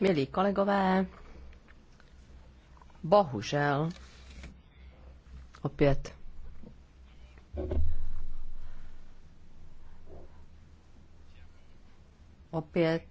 Milí kolegové, bohužel opět opět